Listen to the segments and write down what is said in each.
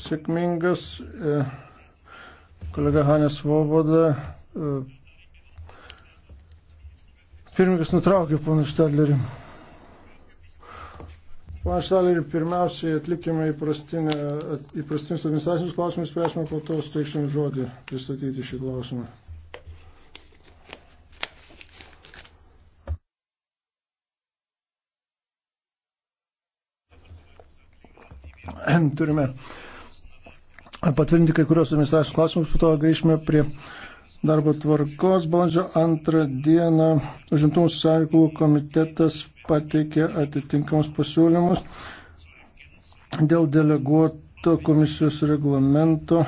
sėkmingas. E, kolega Hanės Voboda. E, pirmininkas nutraukė pana Štadlerį. Pana Štadlerį, pirmiausiai atlikime įprastinius administracinius klausimus, spręsime, po to suteiksim žodį pristatyti šį klausimą. turime patvirtinti kai kurios administracijos klausimus, po to grįžime prie darbo tvarkos. Balandžio antrą dieną užimtumų sąlygų komitetas pateikė atitinkamus pasiūlymus dėl deleguoto komisijos reglamento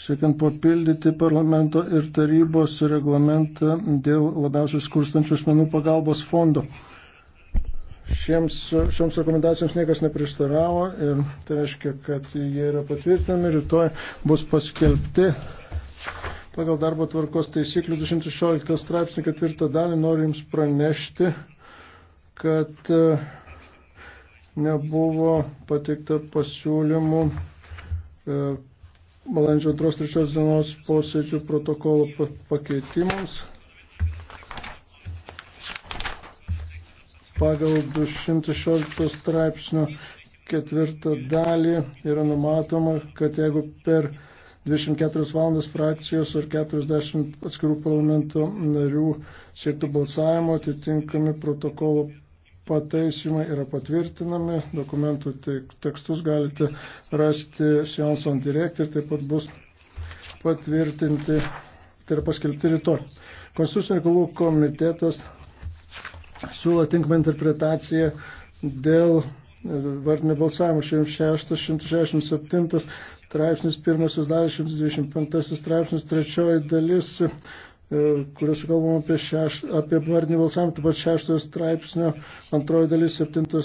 siekiant papildyti parlamento ir tarybos reglamentą dėl labiausiai skurstančių asmenų pagalbos fondo. Šiems, šioms rekomendacijoms niekas neprieštaravo ir tai reiškia, kad jie yra patvirtinami, rytoj bus paskelbti. Pagal darbo tvarkos taisyklių 216 straipsnių ketvirtą dalį noriu Jums pranešti, kad e, nebuvo pateikta pasiūlymų e, balandžio 2-3 dienos posėdžių protokolo pakeitimams. pagal 216 straipsnio ketvirtą dalį yra numatoma, kad jeigu per 24 valandas frakcijos ar 40 atskirų parlamento narių siektų balsavimo, atitinkami protokolo pataisimai yra patvirtinami, dokumentų tekstus galite rasti Seanson Direct ir taip pat bus patvirtinti, tai yra paskelbti rytoj. Konstitucinio reikalų komitetas siūlo tinkamą interpretaciją dėl e, vardinio balsavimo 106, 167 straipsnis, pirmasis dalis, 125 straipsnis, trečioji dalis, e, kuriuose kalbama apie, šeš, apie vardinį balsavimą, taip pat šeštojo straipsnio, antroji dalis, septintojo